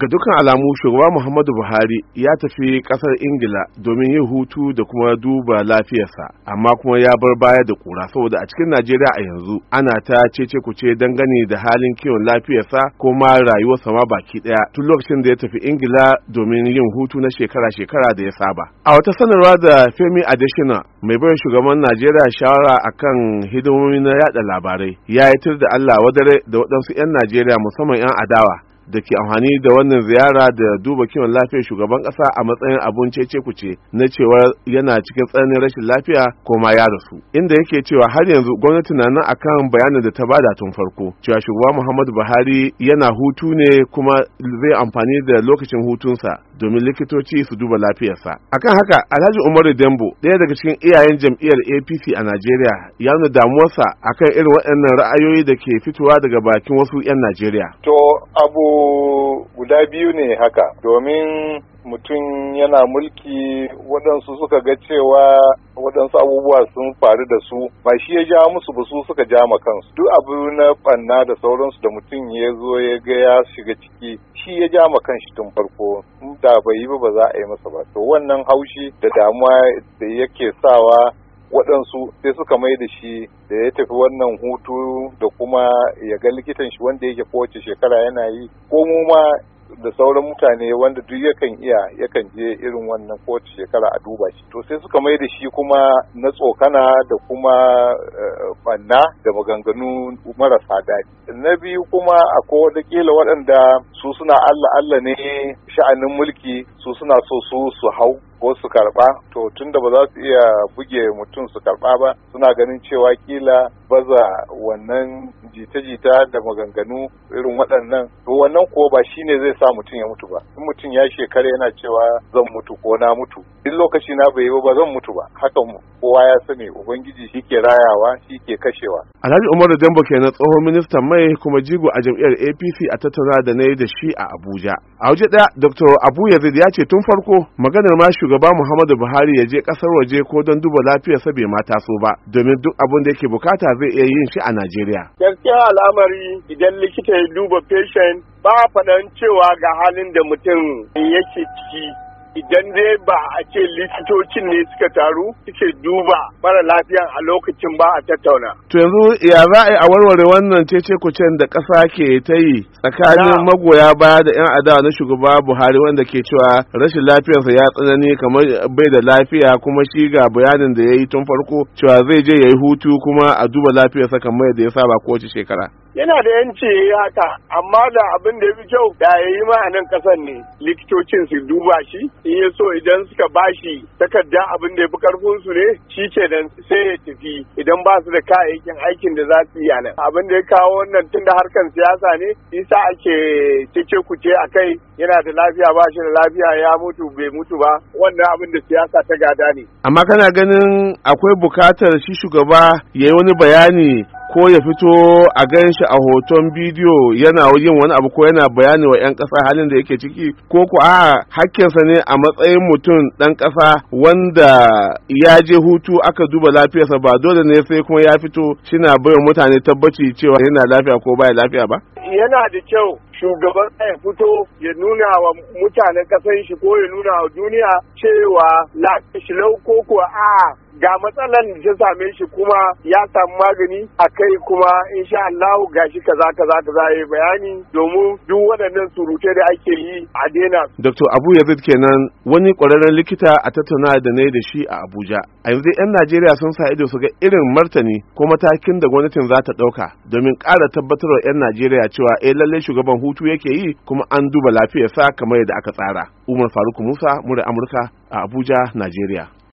ga dukkan alamu shugaba muhammadu buhari ya tafi kasar ingila domin yin hutu da kuma duba lafiyarsa amma kuma ya bar baya da kura saboda a cikin najeriya a yanzu ana ta cece kuce gani da halin kiwon lafiyarsa ko ma rayuwarsa ma baki daya tun lokacin da ya tafi ingila domin yin hutu na shekara-shekara da ya saba a wata sanarwa da femi adishina mai bayar shugaban najeriya shawara akan hidimomi na yada labarai ya yi tur da allah wadare da waɗansu 'yan najeriya musamman 'yan adawa da ke amfani da wannan ziyara da duba kiwon lafiyar shugaban kasa a matsayin abun cece kuce na cewa yana cikin tsananin rashin lafiya ko ma ya rasu inda yake cewa har yanzu gwamnati na nan akan bayanin da ta bada tun farko cewa shugaba Muhammadu Buhari yana hutu ne kuma zai amfani da lokacin hutunsa domin likitoci su duba lafiyarsa akan haka Alhaji Umaru Dembo ɗaya daga cikin iyayen jam'iyyar APC a Najeriya ya nuna damuwarsa akan irin waɗannan ra'ayoyi da ke fitowa daga bakin wasu 'yan Najeriya to abu guda biyu ne haka domin mutum yana mulki waɗansu suka ga cewa waɗansu abubuwa sun faru da su ba shi ya ja musu ba su suka ja ma kansu duk abu na ɓanna da sauransu da mutum ya zo ya ga ya shiga ciki shi ya ja ma kanshi tun farko da bai yi ba ba za a yi masa ba to wannan haushi da damuwa da yake sawa waɗansu sai suka mai da shi da ya tafi wannan hutu da kuma ya ga likitan shi wanda yake kowace shekara yana yi ko mu ma da sauran mutane wanda duk yakan iya yakan je irin wannan kowace shekara a duba shi to sai suka mai da shi kuma na tsokana da kuma banna eh, da maganganu marasa daɗi na biyu kuma akwai wata kila waɗanda su suna allah allah ne sha'anin mulki su suna so su su hau ko su karba to tunda ba za su iya buge mutum su karba ba suna ganin cewa kila baza wannan jita-jita da maganganu irin waɗannan to wannan ko ba shi ne zai sa mutum ya mutu ba in mutum ya shekara yana cewa zan mutu ko na mutu in lokaci na bai yi ba zan mutu ba haka kowa ya sani ubangiji shi ke rayawa shi ke kashewa alhaji umar dambo kenan tsohon ministan mai kuma jigo a jam'iyyar apc a tattauna da na yi da shi a abuja a waje ɗaya dr abu yazid ya ce tun farko maganar mashi shugaba muhammadu buhari ya je kasar waje ko don duba lafiyarsa bai mata so ba domin duk abin da yake bukata zai iya yin shi a najeriya gaskiya al'amari idan likita ya duba patient ba faɗan cewa ga halin da mutum yake ciki idan dai ba a ce likitocin ne suka taru suke duba mara lafiya a lokacin ba a tattauna. To yanzu ya za a yi a warware wannan cece kucen da ƙasa ke ta yi tsakanin magoya baya da 'yan adawa na shugaba Buhari wanda ke cewa rashin lafiyarsa ya tsanani kamar bai da lafiya kuma shi ga bayanin da ya yi tun farko cewa zai je ya yi hutu kuma a duba lafiyarsa kamar yadda ya saba kowace shekara. yana da yanci ya yi haka amma da abin da ya fi kyau da ya yi ma a nan kasan ne likitocin su duba shi in ya so idan suka bashi takarda abin da ya fi karfin su ne shi ke dan sai ya tafi idan ba su da kayayyakin aikin da za su yi a nan abin da ya kawo wannan tun da harkan siyasa ne isa ake ku kuce a kai yana da lafiya ba shi da lafiya ya mutu bai mutu ba wannan abin da siyasa ta gada ne amma kana ganin akwai bukatar shi shugaba ya yi wani bayani ko ya fito a gan shi a hoton bidiyo yana yin wani abu ko yana bayani wa 'yan ƙasa halin da yake ciki ko ko a hakkinsa ne a matsayin mutum ɗan ƙasa wanda ya je hutu aka duba lafiyarsa ba dole ne sai kuma ya fito shina bayan mutane tabbaci cewa yana lafiya ko baya lafiya ba yana da kyau shugaban ya fito ya nuna wa mutanen kasan shi ko ya nuna wa duniya cewa lafiya shi ko a ga matsalan da ta same shi kuma ya samu magani a kai kuma insha Allah gashi kaza kaza kaza zaye bayani domin duk waɗannan surutai da ake yi a dena. Dr. Abu Yazid kenan wani ƙwararren likita a tattauna da ne da shi a Abuja. A yanzu 'yan Najeriya sun sa ido su ga irin martani ko matakin da gwamnatin za ta ɗauka domin ƙara tabbatarwa 'yan Najeriya cewa eh lallai shugaban hutu yake yi kuma an duba lafiyarsa kamar yadda aka tsara umar faruk musa mura amurka a abuja najeriya